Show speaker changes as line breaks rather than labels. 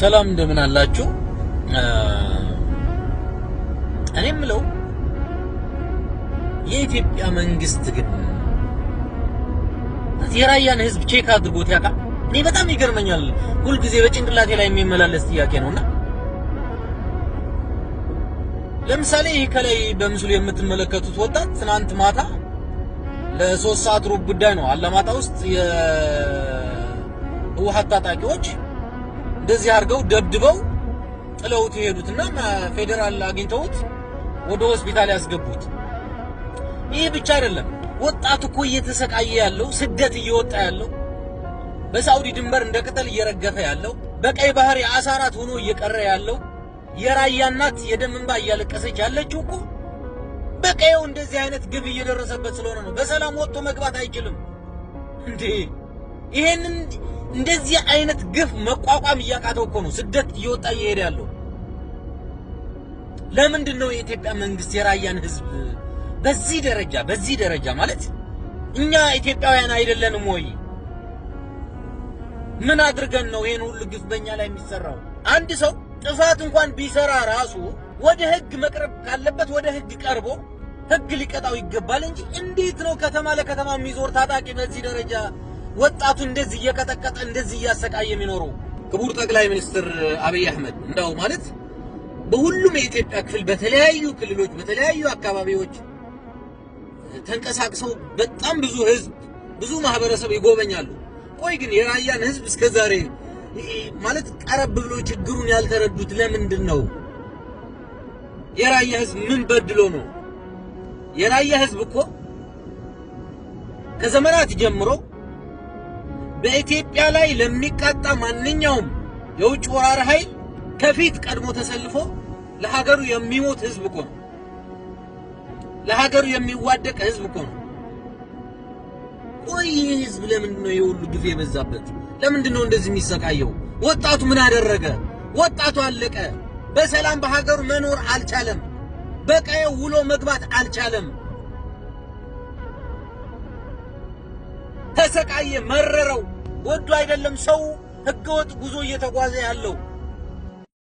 ሰላም እንደምን አላችሁ? እኔ የምለው የኢትዮጵያ መንግስት ግን የራያን ህዝብ ቼክ አድርጎት ያውቃል? እኔ በጣም ይገርመኛል። ሁልጊዜ በጭንቅላቴ ላይ የሚመላለስ ጥያቄ ነውና ለምሳሌ ይህ ከላይ በምስሉ የምትመለከቱት ወጣት ትናንት ማታ ለሶስት ሰዓት ሩብ ጉዳይ ነው አላማጣ ውስጥ የህወሓት ታጣቂዎች እንደዚህ አድርገው ደብድበው ጥለውት የሄዱትና ፌዴራል አግኝተውት ወደ ሆስፒታል ያስገቡት። ይህ ብቻ አይደለም። ወጣቱ እኮ እየተሰቃየ ያለው ስደት እየወጣ ያለው በሳውዲ ድንበር እንደ ቅጠል እየረገፈ ያለው በቀይ ባህር የአሳ ሆኖ እየቀረ ያለው የራያ እናት የደም እንባ እያለቀሰች ያለችው እኮ በቀየው እንደዚህ አይነት ግብ እየደረሰበት ስለሆነ ነው። በሰላም ወጥቶ መግባት አይችልም እንዴ? ይሄንን እንደዚህ አይነት ግፍ መቋቋም እያቃተው እኮ ነው ስደት እየወጣ እየሄደ ያለው። ለምንድን ነው የኢትዮጵያ መንግስት የራያን ህዝብ በዚህ ደረጃ በዚህ ደረጃ ማለት እኛ ኢትዮጵያውያን አይደለንም ወይ? ምን አድርገን ነው ይሄን ሁሉ ግፍ በእኛ ላይ የሚሰራው? አንድ ሰው ጥፋት እንኳን ቢሰራ ራሱ ወደ ህግ መቅረብ ካለበት ወደ ህግ ቀርቦ ህግ ሊቀጣው ይገባል እንጂ እንዴት ነው ከተማ ለከተማ የሚዞር ታጣቂ በዚህ ደረጃ ወጣቱ እንደዚህ እየቀጠቀጠ እንደዚህ እያሰቃየ የሚኖረው ክቡር ጠቅላይ ሚኒስትር አብይ አህመድ እንዳው ማለት በሁሉም የኢትዮጵያ ክፍል በተለያዩ ክልሎች በተለያዩ አካባቢዎች ተንቀሳቅሰው በጣም ብዙ ህዝብ ብዙ ማህበረሰብ ይጎበኛሉ። ቆይ ግን የራያን ህዝብ እስከዛሬ ማለት ቀረብ ብሎ ችግሩን ያልተረዱት ለምንድን ነው? የራያ ህዝብ ምን በድሎ ነው? የራያ ህዝብ እኮ ከዘመናት ጀምሮ በኢትዮጵያ ላይ ለሚቃጣ ማንኛውም የውጭ ወራር ኃይል ከፊት ቀድሞ ተሰልፎ ለሀገሩ የሚሞት ህዝብ እኮ ነው። ለሀገሩ የሚዋደቅ ህዝብ እኮ ነው። ቆይ ይህ ህዝብ ለምንድን ነው የሁሉ ግፍ የበዛበት? ለምንድን ነው እንደዚህ የሚሰቃየው? ወጣቱ ምን አደረገ? ወጣቱ አለቀ። በሰላም በሀገሩ መኖር አልቻለም። በቀየው ውሎ መግባት አልቻለም። ተሰቃየ፣ መረረው። ወዱ አይደለም ሰው ህገወጥ ጉዞ እየተጓዘ ያለው።